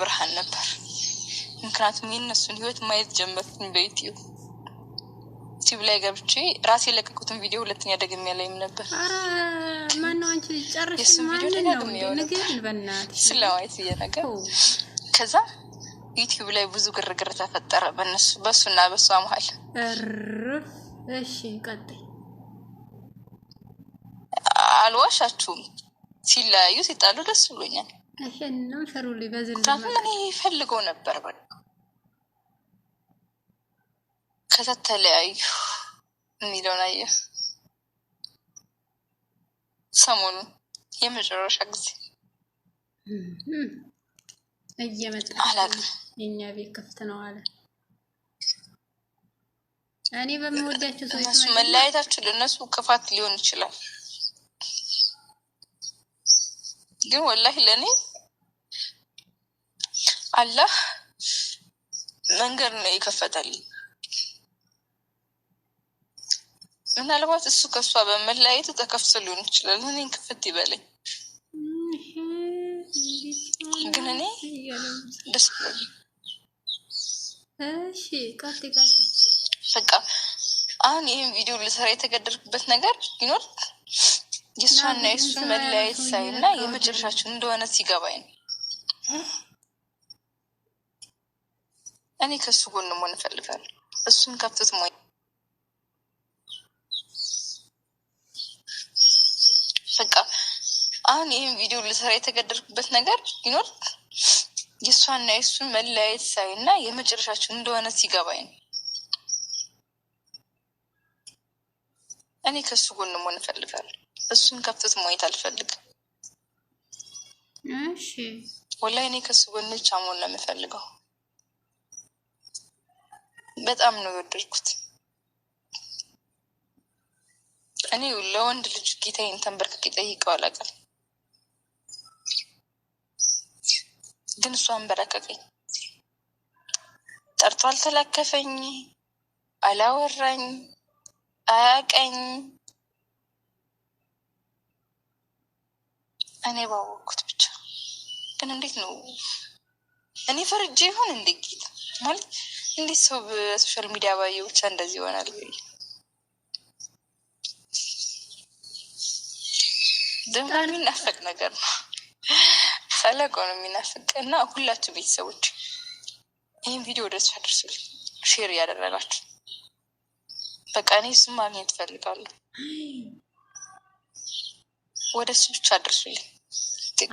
ብርሃን ነበር። ምክንያቱም የእነሱን ህይወት ማየት ጀመርኩኝ። በዩትዩብ ዩትዩብ ላይ ገብቼ ራሴ የለቀቁትን ቪዲዮ ሁለተኛ ደግሜ ያላይም ነበር። የእሱን ቪዲዮ ስለማየት እየነገር ከዛ ዩትዩብ ላይ ብዙ ግርግር ተፈጠረ በእነሱ በእሱና በእሷ መሀል። አልዋሻችሁም፣ ሲለያዩ ሲጣሉ ደስ ብሎኛል። ይሄንም ፍሩልኝ በዝል እኔ ፈልገው ነበር። በቃ ከዛ ተለያዩ የሚለውን አየ ሰሞኑ የመጨረሻ ጊዜ እየመጣ አላውቅም። የእኛ ቤት ክፍት ነው አለ። እኔ በምወዳቸው ሰዎች መለያየታችሁ ለእነሱ ክፋት ሊሆን ይችላል፣ ግን ወላሂ ለእኔ አላህ መንገድ ነው ይከፈታል ምናልባት እሱ ከእሷ በመለያየቱ ተከፍቶ ሊሆን ይችላል። እኔን ክፍት ይበለኝ። ግን እኔ ደስ ብሎኝ በቃ አሁን ይህም ቪዲዮ ልሰራ የተገደድኩበት ነገር ቢኖር የእሷና የእሱን መለያየት እና የመጨረሻችን እንደሆነ ሲገባኝ ነው። እኔ ከሱ ጎን መሆን እፈልጋለሁ። እሱን ከፍትት ሞ በቃ አሁን ይህን ቪዲዮ ልሰራ የተገደርኩበት ነገር ቢኖር የእሷና የእሱን መለያየት ሳይ እና የመጨረሻችን እንደሆነ ሲገባኝ ነው። እኔ ከሱ ጎን መሆን እፈልጋለሁ። እሱን ከፍትት ማየት አልፈልግም። ወላሂ እኔ ከሱ ጎን ብቻ መሆን ነው የምፈልገው። በጣም ነው የወደድኩት። እኔ ለወንድ ልጅ ጌታዬን ተንበርክኬ ጠይቀው አላውቅም፣ ግን እሷ አንበረከቀኝ። ጠርቶ አልተላከፈኝ፣ አላወራኝ፣ አያቀኝ። እኔ ባወቅኩት ብቻ። ግን እንዴት ነው እኔ ፈርጄ ይሆን እንዴ ጌታ ማለት እንዴት ሰው በሶሻል ሚዲያ ባየ ብቻ እንደዚህ ይሆናል? ደምን የሚናፈቅ ነገር ነው። ሰለቆ ነው የሚናፍቅ እና ሁላችሁ ቤተሰቦች ይህን ቪዲዮ ወደሱ አድርሱል ሼር እያደረጋችሁ በቃ እኔ እሱም ማግኘት እፈልጋለሁ። ወደ እሱ ብቻ አድርሱልኝ።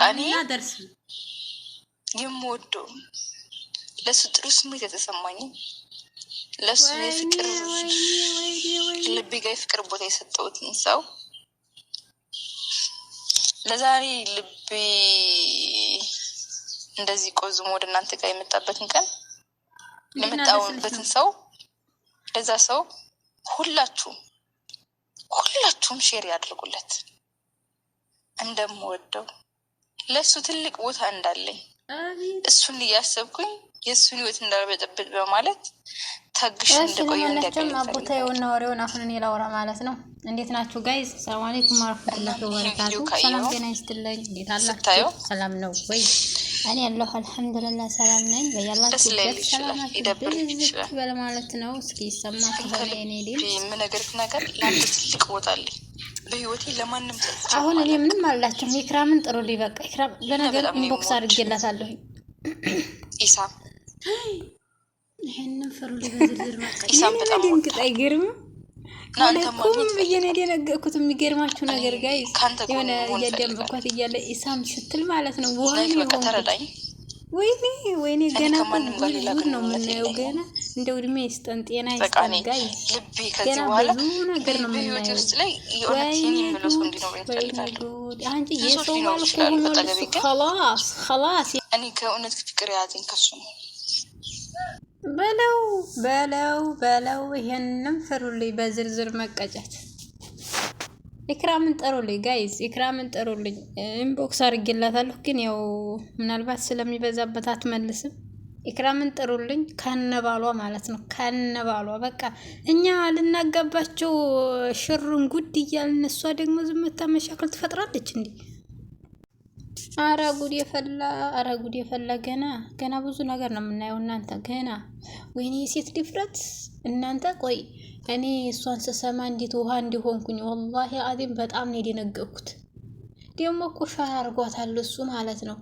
ቃኔ የምወደው ለሱ ጥሩ ስሜት የተሰማኝ ለሱ የፍቅር ልቤ የፍቅር ቦታ የሰጠውትን ሰው ለዛሬ ልቤ እንደዚህ ቆዝሞ ወደ እናንተ ጋር የመጣበትን ቀን የመጣውበትን ሰው ለዛ ሰው ሁላችሁም ሁላችሁም ሼር ያድርጉለት። እንደምወደው ለእሱ ትልቅ ቦታ እንዳለኝ እሱን እያሰብኩኝ የእሱን ህይወት እንዳልበጠብጥ በማለት ታግሽ እንደቆየ እንዲያገኝ ወሬውን አሁን እኔ ላውራ ማለት ነው። እንዴት ናችሁ ጋይዝ? ሰላም አለይኩም ወረህመቱላሂ ወበረካቱ። ሰላም ጤና ይስጥልኝ። እንዴት አላችሁ? ሰላም ነው ወይ? እኔ ያለሁ አልሐምዱሊላህ ሰላም ነኝ። በያላችሁበት ሰላማችሁ ይበል ማለት ነው። እስኪ ይሰማ ከሆነ የኔ ድምፅ የምነግርህ ነገር ለአንድ ትልቅ ቦታ አለኝ በህይወቴ ለማንም አሁን እኔ ምንም አላችሁም። ኢክራምን ጥሩ ሊበቃ ኢክራም ለነገር ኢንቦክስ አድርጌላታለሁኝ ኢሳም አይገርምም። ቁም ብዬ ነው የሚገርማችሁ ነገር ጋር የሆነ እያደንበኳት እያለ ኢሳም ስትል ማለት ነው ወይኔ ወይኔ ገና ነው የምናየው። ገና እንደ እድሜ ይስጠን ጤና ይስጠን። ጋይ ገና ብዙ ነገር ነው የምናየው። አንቺ የሰው ባል እኮ ከላስ ከላስ እኔ ከእውነት ፍቅር ያዘኝ ከሱ ነው በለው በለው በለው ይሄንም ፍሩልኝ፣ በዝርዝር መቀጨት። ኢክራምን ጠሩልኝ ጋይዝ፣ ኢክራምን ጠሩልኝ። ኢንቦክስ አድርጌላታለሁ፣ ግን ያው ምናልባት ስለሚበዛበት አትመልስም። ኢክራምን ጠሩልኝ ከነባሏ ማለት ነው፣ ከነባሏ በቃ እኛ ልናጋባቸው ሽሩን ጉድ እያልን እሷ ደግሞ ዝምታ መሻክል ትፈጥራለች እንዴ? አረ ጉድ የፈላ አረ ጉድ የፈላ ገና ገና ብዙ ነገር ነው የምናየው። እናንተ ገና ወይኔ የሴት ድፍረት እናንተ ቆይ እኔ እሷን ስሰማ እንዴት ውሃ እንዲሆንኩኝ ወላሂ አዚም በጣም ነው የደነገኩት። ደግሞ እኮ ሻር አድርጓታል እሱ ማለት ነው።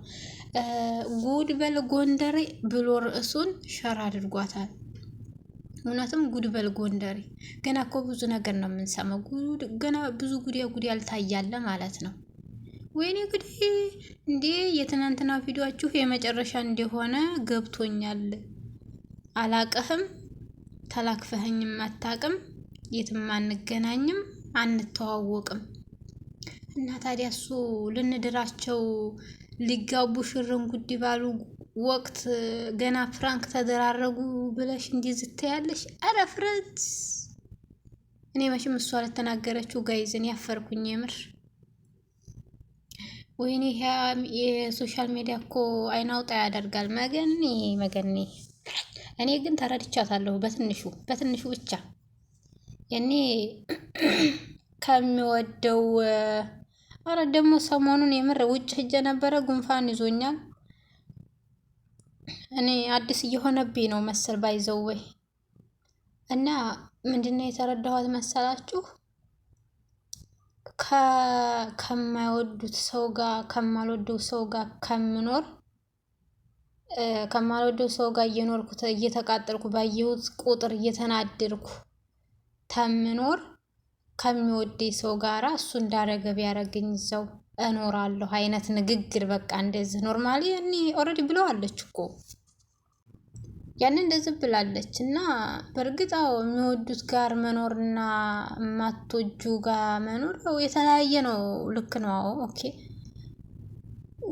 ጉድ በል ጎንደሬ ብሎ ርዕሱን ሸራ አድርጓታል። እውነትም ጉድ በል ጎንደሬ ገና እኮ ብዙ ነገር ነው የምንሰማው። ጉድ ገና ብዙ ጉዲያ ጉዲያ አልታያለ ማለት ነው። ወይኔ ግዴ እንዴ የትናንትና ቪዲዮችሁ የመጨረሻ እንደሆነ ገብቶኛል። አላቀህም፣ ተላክፈህኝም አታቅም፣ የትም አንገናኝም፣ አንተዋወቅም። እና ታዲያ እሱ ልንድራቸው ሊጋቡ ሽርን ጉድ ባሉ ወቅት ገና ፍራንክ ተደራረጉ ብለሽ እንዲህ ዝታያለሽ? አረ ፍረት እኔ መቼም እሷ ለተናገረችው ጋይዝን ያፈርኩኝ የምር ወይኔ የሶሻል ሚዲያ እኮ አይናውጣ ያደርጋል። መገኔ መገኔ እኔ ግን ተረድቻታለሁ በትንሹ በትንሹ ብቻ የኔ ከሚወደው አረ ደግሞ ሰሞኑን የምር ውጭ ሄጄ ነበረ። ጉንፋን ይዞኛል። እኔ አዲስ እየሆነብኝ ነው መሰል ባይዘው ወይ እና ምንድነው የተረዳኋት መሰላችሁ? ከማይወዱት ሰው ጋር ከማልወደው ሰው ጋር ከምኖር ከማልወደው ሰው ጋር እየኖርኩ እየተቃጠልኩ ባየሁት ቁጥር እየተናደድኩ ከምኖር ከሚወደኝ ሰው ጋራ እሱ እንዳረገ ቢያረገኝ እዛው እኖራለሁ አይነት ንግግር በቃ እንደዚህ ኖርማሊ እኔ ኦልሬዲ ብለዋለች እኮ ያንን እንደዚህ ብላለች እና በእርግጣው የሚወዱት ጋር መኖርና ማቶጁ ጋር መኖር የተለያየ ነው። ልክ ነው። ኦኬ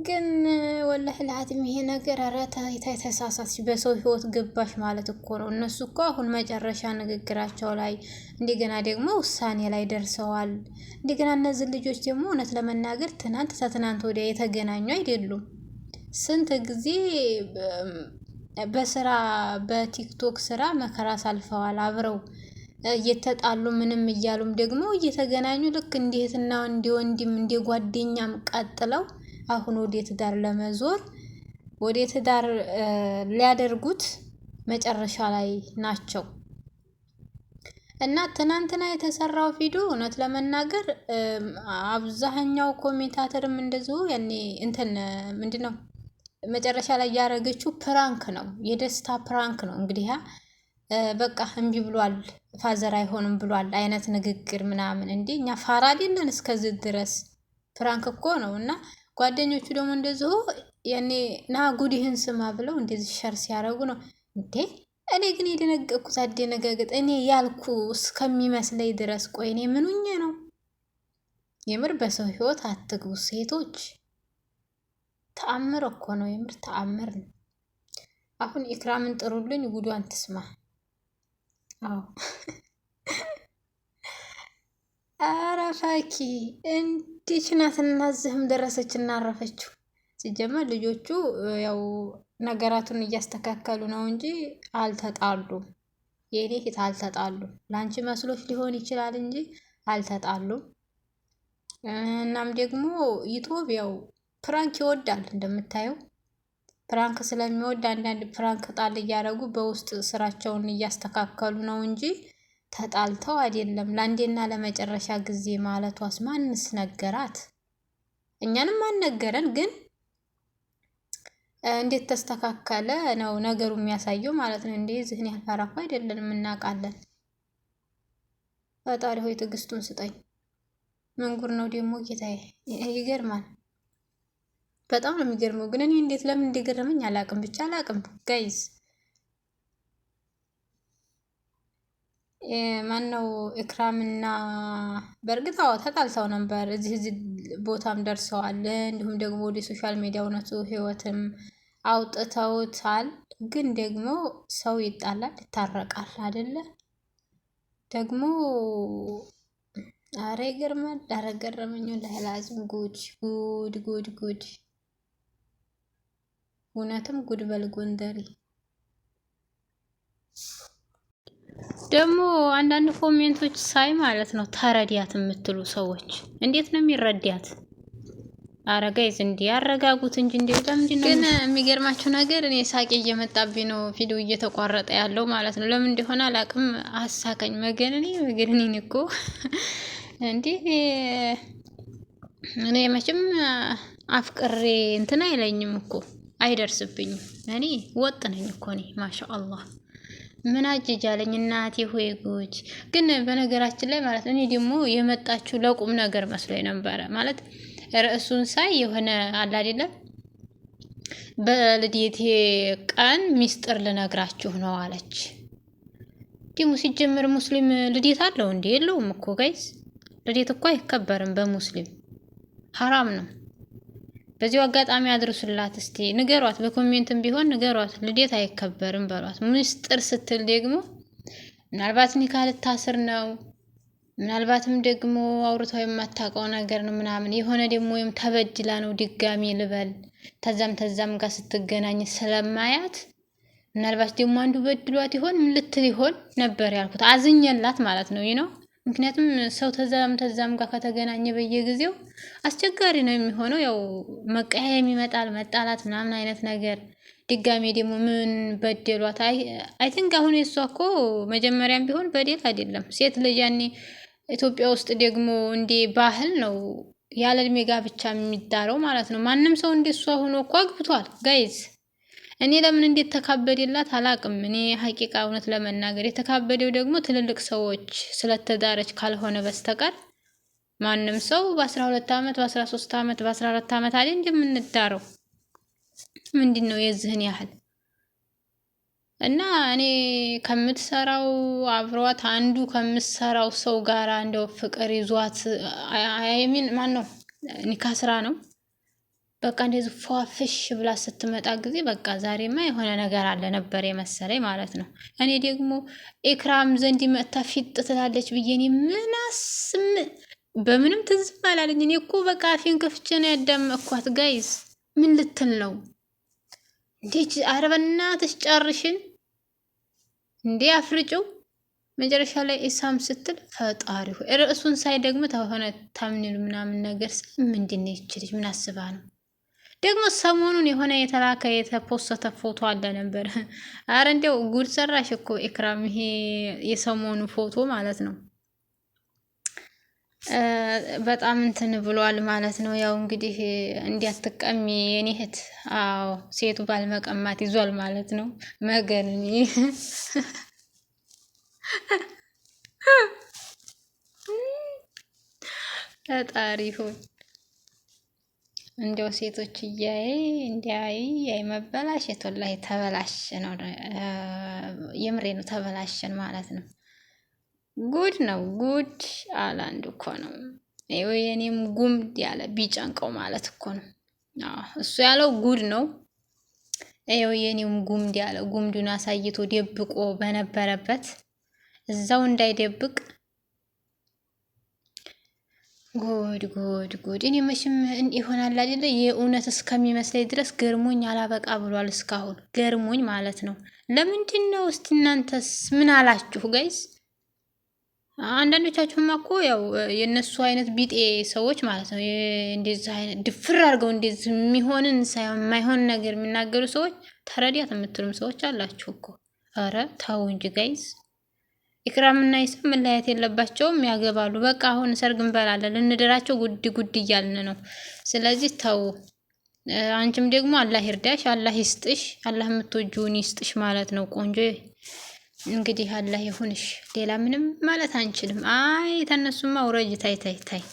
ግን ወላህ ለሀትም ይሄ ነገር ኧረ ተሳሳትሽ፣ በሰው ህይወት ገባሽ ማለት እኮ ነው። እነሱ እኮ አሁን መጨረሻ ንግግራቸው ላይ እንደገና ደግሞ ውሳኔ ላይ ደርሰዋል። እንደገና እነዚህ ልጆች ደግሞ እውነት ለመናገር ትናንት ተትናንት ወዲያ የተገናኙ አይደሉም። ስንት ጊዜ በስራ በቲክቶክ ስራ መከራ ሳልፈዋል። አብረው እየተጣሉ ምንም እያሉም ደግሞ እየተገናኙ ልክ እንዴትና እህትና እንደ ወንድም እንደ ጓደኛም ቀጥለው አሁን ወደ ትዳር ለመዞር ወደ ትዳር ሊያደርጉት መጨረሻ ላይ ናቸው። እና ትናንትና የተሰራው ቪዲዮ እውነት ለመናገር አብዛኛው ኮሜንታተርም እንደዚሁ ያኔ እንትን ምንድን ነው መጨረሻ ላይ ያደረገችው ፕራንክ ነው፣ የደስታ ፕራንክ ነው። እንግዲህ በቃ እምቢ ብሏል፣ ፋዘር አይሆንም ብሏል አይነት ንግግር ምናምን። እንዴ እኛ ፋራዲነን እስከዚህ ድረስ ፕራንክ እኮ ነው። እና ጓደኞቹ ደግሞ እንደዚሁ ያኔ ና ጉዲህን ስማ ብለው እንደዚህ ሸር ሲያደረጉ ነው እንዴ። እኔ ግን የደነገጥኩት አደነጋገጥ እኔ ያልኩ እስከሚመስለኝ ድረስ ቆይ እኔ ምኑኜ ነው? የምር በሰው ህይወት አትግቡ ሴቶች። ተአምር እኮ ነው፣ የምር ተአምር ነው። አሁን ኢክራምን ጥሩልኝ፣ ጉዷን ትስማ። አዎ አረ ፋኪ እንዲች ናት ደረሰች እናረፈችው። ሲጀመር ልጆቹ ያው ነገራቱን እያስተካከሉ ነው እንጂ አልተጣሉም። የእኔ ፊት አልተጣሉም። ለአንቺ መስሎች ሊሆን ይችላል እንጂ አልተጣሉም። እናም ደግሞ ይቶብ ያው ፕራንክ ይወዳል እንደምታየው ፕራንክ ስለሚወድ አንዳንድ ፕራንክ ጣል እያደረጉ በውስጥ ስራቸውን እያስተካከሉ ነው እንጂ ተጣልተው አይደለም። ለአንዴና ለመጨረሻ ጊዜ ማለቷስ ማንስ ነገራት? እኛንም አልነገረን፣ ግን እንዴት ተስተካከለ ነው ነገሩ የሚያሳየው ማለት ነው። እንዴ ዝህን ያህል ፈራኩ አይደለንም፣ እናውቃለን። ፈጣሪ ሆይ ትዕግስቱን ስጠኝ። ምንጉር ነው ደግሞ ጌታዬ፣ ይገርማል። በጣም ነው የሚገርመው። ግን እኔ እንዴት ለምን እንደገረመኝ አላቅም፣ ብቻ አላቅም ጋይዝ። ማን እክራምና በእርግጥ አዎ ተጣልተው ነበር። እዚህ እዚህ ቦታም ደርሰዋል። እንዲሁም ደግሞ ወደ ሶሻል ሚዲያ እውነቱ ህይወትም አውጥተውታል። ግን ደግሞ ሰው ይጣላል ይታረቃል አይደለ? ደግሞ አረ ይገርማል። አረ ገረመኝ። ለህላዝም ጉድ ጉድ ጉድ ጉድ እውነትም ጉድበል ጎንደሪ ደግሞ አንዳንድ ኮሜንቶች ሳይ ማለት ነው ተረዲያት የምትሉ ሰዎች እንዴት ነው የሚረዳት? አረጋይዝ እንዲ ያረጋጉት እንጂ እንዴው ለምንድን ነው ግን የሚገርማችሁ ነገር እኔ ሳቄ እየመጣብኝ ነው። ቪዲዮ እየተቋረጠ ያለው ማለት ነው። ለምን እንደሆነ አላቅም። አሳቀኝ መገንኔ መገንኔን እኮ እንዴ እኔ መቼም አፍቅሬ እንትን አይለኝም እኮ አይደርስብኝም። እኔ ወጥ ነኝ እኮ እኔ ማሻ አላህ ምን አጅጃለኝ እናቴ ሆይ ጉጅ። ግን በነገራችን ላይ ማለት እኔ ደግሞ የመጣችው ለቁም ነገር መስሎኝ ነበረ። ማለት ርዕሱን ሳይ የሆነ አለ አይደለም በልዴቴ ቀን ሚስጥር ልነግራችሁ ነው አለች። ደግሞ ሲጀመር ሙስሊም ልዴት አለው እንዴ? የለውም እኮ ጋይስ፣ ልዴት እኮ አይከበርም በሙስሊም ሀራም ነው። በዚሁ አጋጣሚ አድርሱላት እስቲ ንገሯት፣ በኮሜንትም ቢሆን ንገሯት። ልዴት አይከበርም በሏት። ምስጢር ስትል ደግሞ ምናልባት ኒካ ልታስር ነው፣ ምናልባትም ደግሞ አውርታው የማታውቀው ነገር ነው ምናምን የሆነ ደግሞ ወይም ተበድላ ነው ድጋሚ ልበል ተዛም ተዛም ጋር ስትገናኝ ስለማያት ምናልባት ደግሞ አንዱ በድሏት ይሆን ምን ልትል ይሆን ነበር ያልኩት። አዝኜላት ማለት ነው ይህ ነው። ምክንያቱም ሰው ተዛም ተዛም ጋር ከተገናኘ በየጊዜው አስቸጋሪ ነው የሚሆነው። ያው መቀያየም ይመጣል፣ መጣላት ምናምን አይነት ነገር። ድጋሜ ደግሞ ምን በደሏት? አይ ቲንክ አሁን የእሷ እኮ መጀመሪያም ቢሆን በደል አይደለም። ሴት ልጅ ያኔ ኢትዮጵያ ውስጥ ደግሞ እንዴ ባህል ነው ያለ እድሜ ጋብቻ የሚዳረው ማለት ነው። ማንም ሰው እንደ እሷ ሆኖ እኮ አግብቷል ጋይዝ እኔ ለምን እንዴት ተካበደላት አላቅም። እኔ ሀቂቃ እውነት ለመናገር የተካበደው ደግሞ ትልልቅ ሰዎች ስለተዳረች ካልሆነ በስተቀር ማንም ሰው በ12 ዓመት በ13 ዓመት በ14 ዓመት አለ እንደምንዳረው ምንድን ነው የዚህን ያህል እና እኔ ከምትሰራው አብሯት አንዱ ከምትሰራው ሰው ጋር እንደው ፍቅር ይዟት አይሚን ማን ነው ኒካ ስራ ነው በቃ እንደዚህ ፏፍሽ ብላ ስትመጣ ጊዜ በቃ ዛሬማ የሆነ ነገር አለ ነበር የመሰለኝ ማለት ነው። እኔ ደግሞ ኤክራም ዘንድ መጥታ ፊጥ ትላለች ብዬ እኔ ምናስም በምንም ትዝም አላለኝ። እኔ እኮ በቃ አፌን ከፍቼ ነው ያዳመጥኳት። ጋይዝ ምን ልትል ነው እንዴች? ኧረ በእናትሽ ጨርሽን እንዴ አፍርጩ። መጨረሻ ላይ ኢሳም ስትል ፈጣሪሁ ሆይ ርዕሱን ሳይ ደግሞ ተሆነ ታምኒሉ ምናምን ነገር ምንድን ነው ይችልች ምን አስባ ነው ደግሞ ሰሞኑን የሆነ የተላከ የተፖሰተ ፎቶ አለ ነበር። አረ እንዲያው ጉድ ሰራሽ እኮ ኤክራም፣ ይሄ የሰሞኑ ፎቶ ማለት ነው። በጣም እንትን ብሏል ማለት ነው። ያው እንግዲህ እንዲያትቀሚ የኔህት አዎ ሴቱ ባልመቀማት ይዟል ማለት ነው። መገን ፈጣሪ ሆይ እንዲያው ሴቶች እያይ እንዲያይ ያይ መበላሸት ወላሂ ተበላሸ ነው። የምሬ ነው ተበላሽን ማለት ነው። ጉድ ነው ጉድ አለ አንዱ እኮ ነው ወይ የኔም ጉምድ ያለ ቢጨንቀው ማለት እኮ ነው። እሱ ያለው ጉድ ነው። ይኸው የኔም ጉምድ ያለ ጉምዱን አሳይቶ ደብቆ በነበረበት እዛው እንዳይደብቅ ጉድ ጉድ ጉድ! እኔ መቼም ይሆናል አይደለ የእውነት እስከሚመስለኝ ድረስ ገርሞኝ አላበቃ ብሏል። እስካሁን ገርሞኝ ማለት ነው። ለምንድን ነው እስቲ እናንተስ ምን አላችሁ ጋይስ? አንዳንዶቻችሁማ እኮ ያው የእነሱ አይነት ቢጤ ሰዎች ማለት ነው እንደዚህ አይነት ድፍር አድርገው እንደዚህ የሚሆንን ሳይሆን የማይሆን ነገር የሚናገሩ ሰዎች ተረዲያት የምትሉም ሰዎች አላችሁ እኮ። ኧረ ተው እንጂ ጋይስ። ኢክራምና ይሳም መለያየት የለባቸውም፣ ያገባሉ። በቃ አሁን ሰርግ እንበላለን፣ ልንድራቸው ጉድ ጉድ እያልን ነው። ስለዚህ ተው። አንቺም ደግሞ አላህ ይርዳሽ፣ አላህ ይስጥሽ፣ አላህ የምትወጂውን ይስጥሽ ማለት ነው። ቆንጆ እንግዲህ አላህ ይሁንሽ። ሌላ ምንም ማለት አንችልም። አይ ተነሱማ ውረጅ። ታይ ታይ ታይ